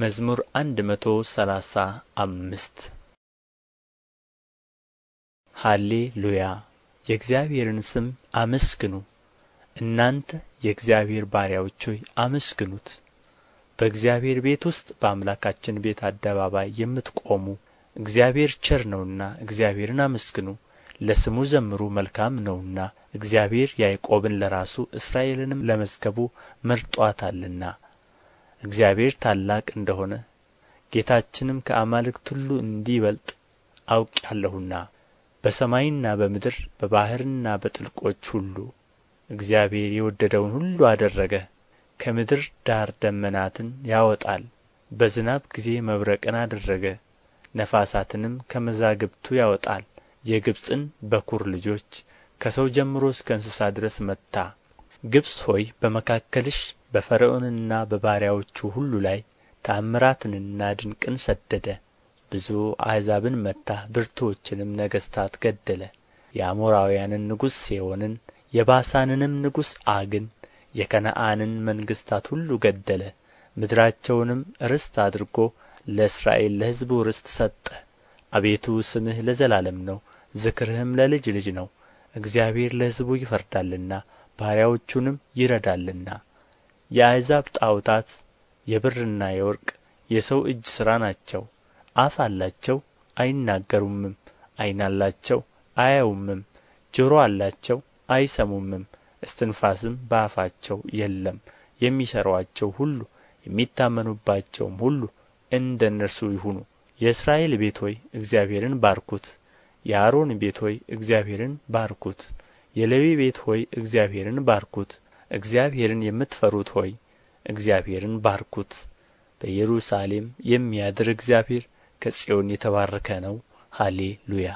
መዝሙር መቶ ሰላሳ አምስት ሃሌ ሉያ የእግዚአብሔርን ስም አመስግኑ እናንተ የእግዚአብሔር ባሪያዎች ሆይ አመስግኑት በእግዚአብሔር ቤት ውስጥ በአምላካችን ቤት አደባባይ የምትቆሙ እግዚአብሔር ቸር ነውና እግዚአብሔርን አመስግኑ ለስሙ ዘምሩ መልካም ነውና እግዚአብሔር ያዕቆብን ለራሱ እስራኤልንም ለመዝገቡ መርጧታልና እግዚአብሔር ታላቅ እንደሆነ ጌታችንም ከአማልክት ሁሉ እንዲበልጥ አውቄአለሁና በሰማይና በምድር በባሕርና በጥልቆች ሁሉ እግዚአብሔር የወደደውን ሁሉ አደረገ። ከምድር ዳር ደመናትን ያወጣል፣ በዝናብ ጊዜ መብረቅን አደረገ፣ ነፋሳትንም ከመዛግብቱ ያወጣል። የግብፅን በኩር ልጆች ከሰው ጀምሮ እስከ እንስሳ ድረስ መታ። ግብፅ ሆይ በመካከልሽ በፈርዖንና በባሪያዎቹ ሁሉ ላይ ተአምራትንና ድንቅን ሰደደ ብዙ አሕዛብን መታ ብርቱዎችንም ነገሥታት ገደለ የአሞራውያንን ንጉሥ ሴዎንን የባሳንንም ንጉሥ አግን የከነአንን መንግሥታት ሁሉ ገደለ ምድራቸውንም ርስት አድርጎ ለእስራኤል ለሕዝቡ ርስት ሰጠ አቤቱ ስምህ ለዘላለም ነው ዝክርህም ለልጅ ልጅ ነው እግዚአብሔር ለሕዝቡ ይፈርዳልና ባሪያዎቹንም ይረዳልና የአሕዛብ ጣዖታት የብርና የወርቅ የሰው እጅ ሥራ ናቸው አፍ አላቸው አይናገሩምም ዐይን አላቸው አያዩምም ጆሮ አላቸው አይሰሙምም እስትንፋስም በአፋቸው የለም የሚሠሩአቸው ሁሉ የሚታመኑባቸውም ሁሉ እንደ እነርሱ ይሁኑ የእስራኤል ቤት ሆይ እግዚአብሔርን ባርኩት የአሮን ቤት ሆይ እግዚአብሔርን ባርኩት የሌዊ ቤት ሆይ እግዚአብሔርን ባርኩት እግዚአብሔርን የምትፈሩት ሆይ እግዚአብሔርን ባርኩት በኢየሩሳሌም የሚያድር እግዚአብሔር ከጽዮን የተባረከ ነው ሃሌ ሉያ